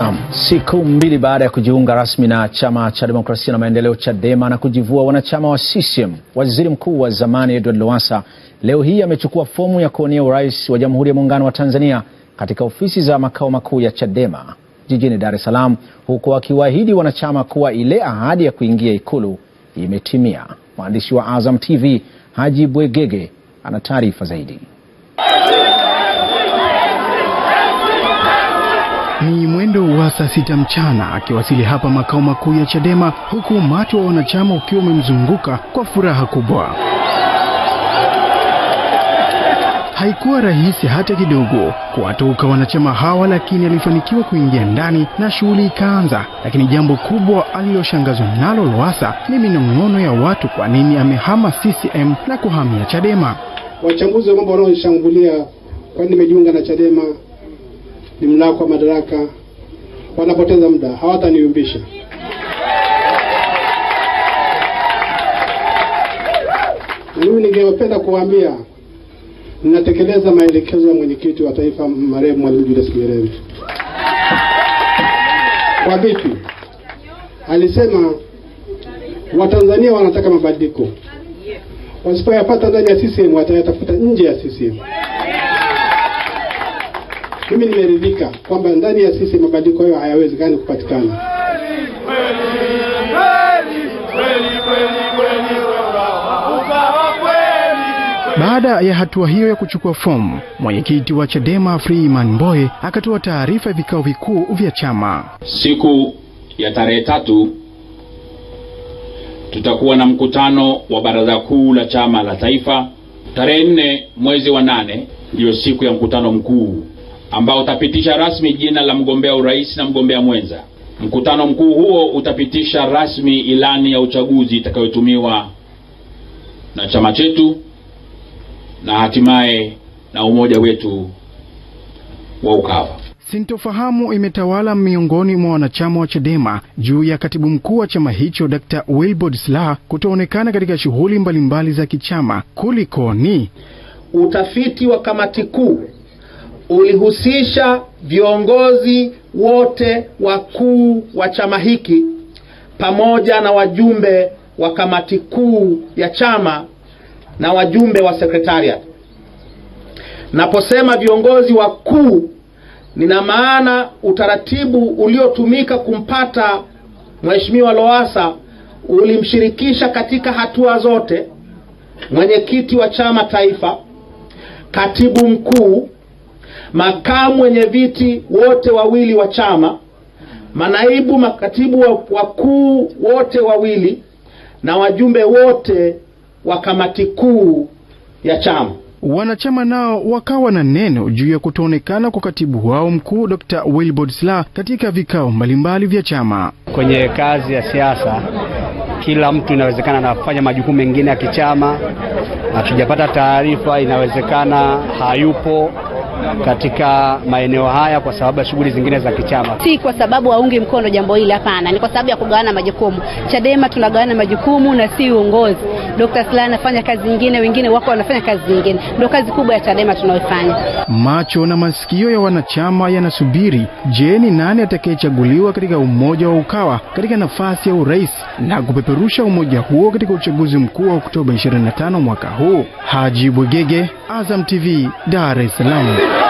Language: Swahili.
Um, siku mbili baada ya kujiunga rasmi na chama cha demokrasia na maendeleo Chadema na kujivua wanachama wa CCM, waziri mkuu wa zamani Edward Lowassa leo hii amechukua fomu ya kuwania urais wa Jamhuri ya Muungano wa Tanzania katika ofisi za makao makuu ya Chadema jijini Dar es Salaam, huku akiwaahidi wanachama kuwa ile ahadi ya kuingia Ikulu imetimia. Mwandishi wa Azam TV Haji Bwegege ana taarifa zaidi. Ni mwendo wa saa sita mchana akiwasili hapa makao makuu ya Chadema, huku umati wa wanachama ukiwa umemzunguka kwa furaha kubwa. Haikuwa rahisi hata kidogo kuwatoka wanachama hawa, lakini alifanikiwa kuingia ndani na shughuli ikaanza. Lakini jambo kubwa aliloshangazwa nalo Lowassa ni minong'ono ya watu, kwa nini amehama CCM na kuhamia Chadema. Wachambuzi wa mambo wanaoshambulia kwa nini nimejiunga na Chadema ni mlako wa madaraka, wanapoteza muda, hawataniumbisha. Na mimi ningependa kuwaambia ninatekeleza maelekezo ya mwenyekiti wa taifa marehemu Mwalimu Julius Nyerere kwa vipi alisema Watanzania wanataka mabadiliko, wasipoyapata ndani ya CCM watayatafuta nje ya CCM. Mimi nimeridhika kwamba ndani ya sisi mabadiliko hayo hayawezekani kupatikana. Baada ya hatua hiyo ya kuchukua fomu, mwenyekiti wa Chadema Freeman Mbowe akatoa taarifa ya vikao vikuu vya chama. Siku ya tarehe tatu tutakuwa na mkutano wa baraza kuu la chama la taifa. Tarehe nne mwezi wa nane ndiyo siku ya mkutano mkuu ambao utapitisha rasmi jina la mgombea urais na mgombea mwenza. Mkutano mkuu huo utapitisha rasmi ilani ya uchaguzi itakayotumiwa na chama chetu na hatimaye na umoja wetu wa Ukawa. Sintofahamu imetawala miongoni mwa wanachama wa Chadema juu ya katibu mkuu wa chama hicho Dr. Wilbrod Slaa kutoonekana katika shughuli mbalimbali za kichama. Kulikoni? Utafiti wa kamati kuu ulihusisha viongozi wote wakuu wa chama hiki pamoja na wajumbe wa kamati kuu ya chama na wajumbe wa sekretariat. Naposema viongozi wakuu, nina maana utaratibu uliotumika kumpata Mheshimiwa Lowassa ulimshirikisha katika hatua zote: mwenyekiti wa chama taifa, katibu mkuu makamu wenye viti wote wawili wa chama, manaibu makatibu wakuu wote wawili, na wajumbe wote wa kamati kuu ya chama. Wanachama nao wakawa na neno juu ya kutoonekana kwa katibu wao mkuu Dr. Wilbrod Slaa katika vikao mbalimbali vya chama. Kwenye kazi ya siasa, kila mtu inawezekana anafanya majukumu mengine ya kichama. Hatujapata taarifa, inawezekana hayupo katika maeneo haya kwa sababu ya shughuli zingine za kichama, si kwa sababu aungi mkono jambo hili. Hapana, ni kwa sababu ya kugawana majukumu. Chadema tunagawana majukumu na si uongozi. Dr. Slaa anafanya kazi nyingine, wengine wako wanafanya kazi nyingine. Ndio kazi kubwa ya Chadema tunaoifanya. Macho na masikio ya wanachama yanasubiri, je, ni nani atakayechaguliwa katika umoja wa Ukawa katika nafasi ya urais na kupeperusha umoja huo katika uchaguzi mkuu wa Oktoba 25 mwaka huu. Haji Bwegege, Azam TV, Dar es Salaam.